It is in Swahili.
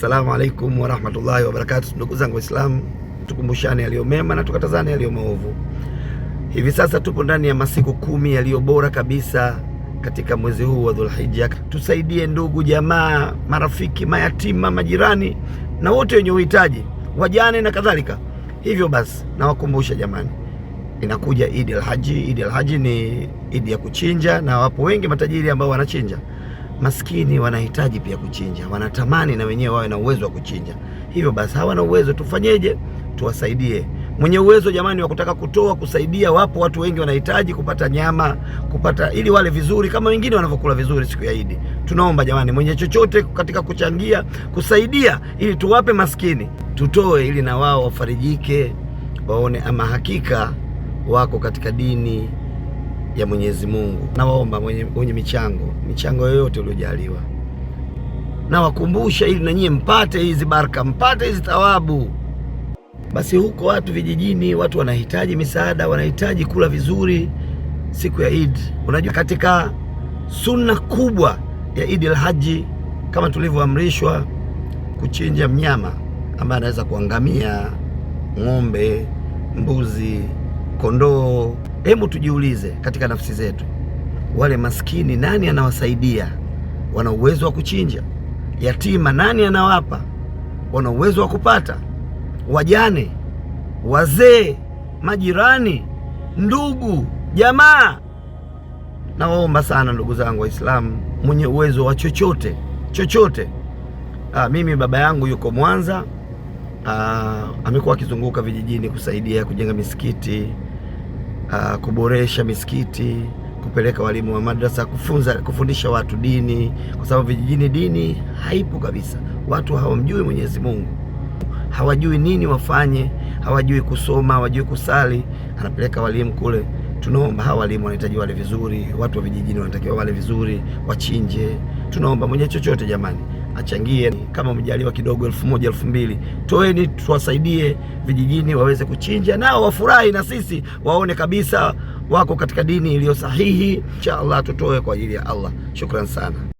Assalamu alaikum warahmatullahi wabarakatuh. Ndugu zangu Waislamu, tukumbushane yaliyo mema na tukatazane yaliyo maovu. Hivi sasa tupo ndani ya masiku kumi yaliyo bora kabisa katika mwezi huu wa Dhulhijja. Tusaidie ndugu, jamaa, marafiki, mayatima, majirani na wote wenye uhitaji, wajane na kadhalika. Hivyo basi, nawakumbusha jamani, inakuja Idi Alhaji. Idi Alhaji ni idi ya kuchinja, na wapo wengi matajiri ambao wanachinja maskini wanahitaji pia kuchinja, wanatamani na wenyewe wawe na uwezo wa kuchinja. Hivyo basi hawana uwezo, tufanyeje? Tuwasaidie. Mwenye uwezo jamani, wa kutaka kutoa kusaidia, wapo watu wengi wanahitaji kupata nyama, kupata ili wale vizuri kama wengine wanavyokula vizuri siku ya Idi. Tunaomba jamani, mwenye chochote katika kuchangia, kusaidia, ili tuwape maskini, tutoe ili na wao wafarijike, waone ama hakika wako katika dini ya Mwenyezi Mungu. Nawaomba mwenye, mwenye michango michango yoyote uliojaliwa, nawakumbusha ili na nyie mpate hizi baraka, mpate hizi thawabu. Basi huko watu vijijini, watu wanahitaji misaada, wanahitaji kula vizuri siku ya Eid. Unajua, katika sunna kubwa ya Eid al-Haji kama tulivyoamrishwa kuchinja mnyama ambaye anaweza kuangamia, ng'ombe, mbuzi kondoo. Hebu tujiulize katika nafsi zetu, wale maskini nani anawasaidia? Wana uwezo wa kuchinja? Yatima nani anawapa? Wana uwezo wa kupata? Wajane, wazee, majirani, ndugu, jamaa. Nawaomba sana ndugu zangu Waislamu, mwenye uwezo wa chochote chochote. Aa, ah, mimi baba yangu yuko Mwanza. Ah, amekuwa akizunguka vijijini kusaidia kujenga misikiti uh, kuboresha misikiti, kupeleka walimu wa madrasa, kufunza, kufundisha watu dini, kwa sababu vijijini dini haipo kabisa. Watu hawamjui Mwenyezi Mungu, hawajui nini wafanye, hawajui kusoma, hawajui kusali. Anapeleka walimu kule, tunaomba hawa walimu wanahitaji wale vizuri, watu wa vijijini wanatakiwa wale vizuri, wachinje. Tunaomba mwenye chochote, jamani achangie kama umejaliwa kidogo, elfu moja elfu mbili toeni, tuwasaidie vijijini waweze kuchinja, nao wafurahi na sisi waone kabisa wako katika dini iliyo sahihi. Insha Allah tutoe kwa ajili ya Allah. Shukran sana.